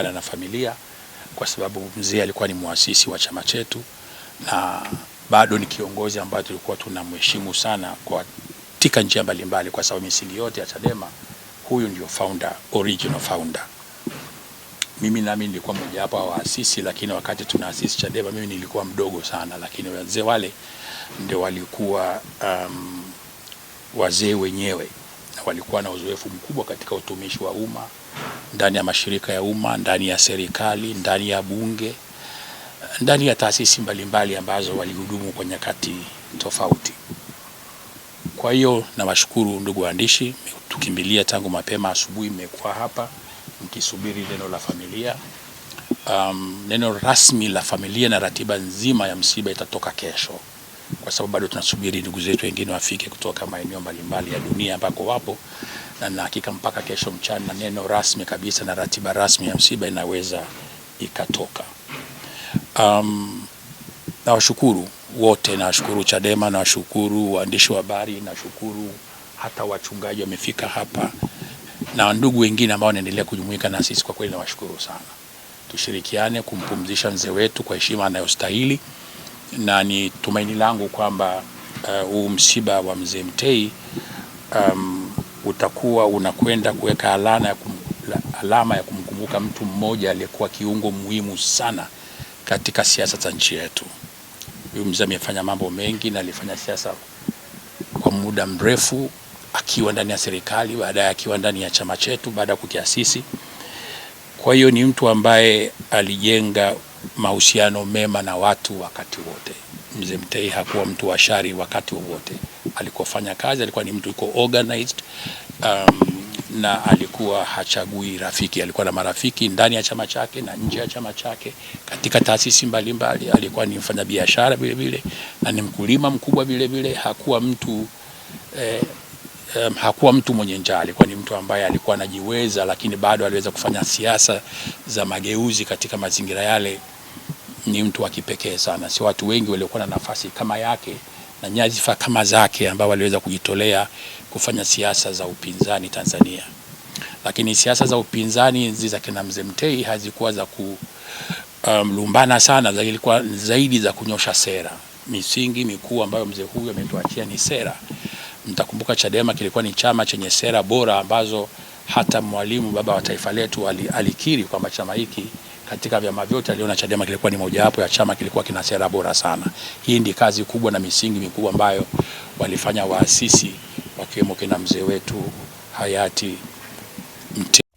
kuungana na familia, kwa sababu mzee alikuwa ni mwasisi wa chama chetu na bado ni kiongozi ambaye tulikuwa tunamheshimu sana katika njia mbalimbali, kwa sababu misingi yote ya Chadema huyu ndio founder, original founder. Mimi nami nilikuwa mmoja wapo wa waasisi, lakini wakati tunaasisi Chadema mimi nilikuwa mdogo sana, lakini wazee wale ndio walikuwa um, wazee wenyewe na walikuwa na uzoefu mkubwa katika utumishi wa umma ndani ya mashirika ya umma, ndani ya serikali, ndani ya bunge, ndani ya taasisi mbalimbali ambazo walihudumu kwa nyakati tofauti. Kwa hiyo nawashukuru ndugu waandishi, tukimbilia tangu mapema asubuhi, mmekuwa hapa mkisubiri neno la familia. Um, neno rasmi la familia na ratiba nzima ya msiba itatoka kesho kwa sababu bado tunasubiri ndugu zetu wengine wafike kutoka maeneo mbalimbali ya dunia ambako wapo, na nahakika hakika mpaka kesho mchana neno rasmi kabisa na ratiba rasmi ya msiba inaweza ikatoka. Um, nawashukuru wote, nawashukuru Chadema, nawashukuru waandishi wa habari, nashukuru hata wachungaji wamefika hapa na ndugu wengine ambao wanaendelea kujumuika na sisi. Kwa kweli nawashukuru sana. Tushirikiane kumpumzisha mzee wetu kwa heshima anayostahili na ni tumaini langu kwamba eh, huu uh, msiba wa mzee Mtei um, utakuwa unakwenda kuweka alama ya kum, alama ya kumkumbuka mtu mmoja aliyekuwa kiungo muhimu sana katika siasa za nchi yetu. Huyu mzee amefanya mambo mengi na alifanya siasa kwa muda mrefu akiwa ndani ya serikali, baadaye akiwa ndani ya chama chetu baada ya kukiasisi. Kwa hiyo ni mtu ambaye alijenga mahusiano mema na watu wakati wote. Mzee Mtei hakuwa mtu wa shari wakati wowote alikofanya kazi, alikuwa ni mtu uko organized um, na alikuwa hachagui rafiki. Alikuwa na marafiki ndani ya chama chake na nje ya chama chake, katika taasisi mbalimbali Alikuwa ni mfanyabiashara vile vile na ni mkulima mkubwa vile vile, hakuwa mtu eh, um, hakuwa mtu mwenye njaa, alikuwa ni mtu ambaye alikuwa anajiweza, lakini bado aliweza kufanya siasa za mageuzi katika mazingira yale. Ni mtu wa kipekee sana, si watu wengi waliokuwa na nafasi kama yake na nyadhifa kama zake, ambao waliweza kujitolea kufanya siasa za upinzani Tanzania. Lakini siasa za upinzani hizi za kina Mzee Mtei hazikuwa za kulumbana um, sana, zilikuwa zaidi za kunyosha sera. Misingi mikuu ambayo mzee huyu ametuachia ni sera Mtakumbuka Chadema kilikuwa ni chama chenye sera bora ambazo hata Mwalimu, baba wa taifa letu, alikiri kwamba chama hiki katika vyama vyote aliona Chadema kilikuwa ni mojawapo ya chama kilikuwa kina sera bora sana. Hii ndi kazi kubwa na misingi mikubwa ambayo walifanya waasisi wakiwemo kina mzee wetu hayati Mte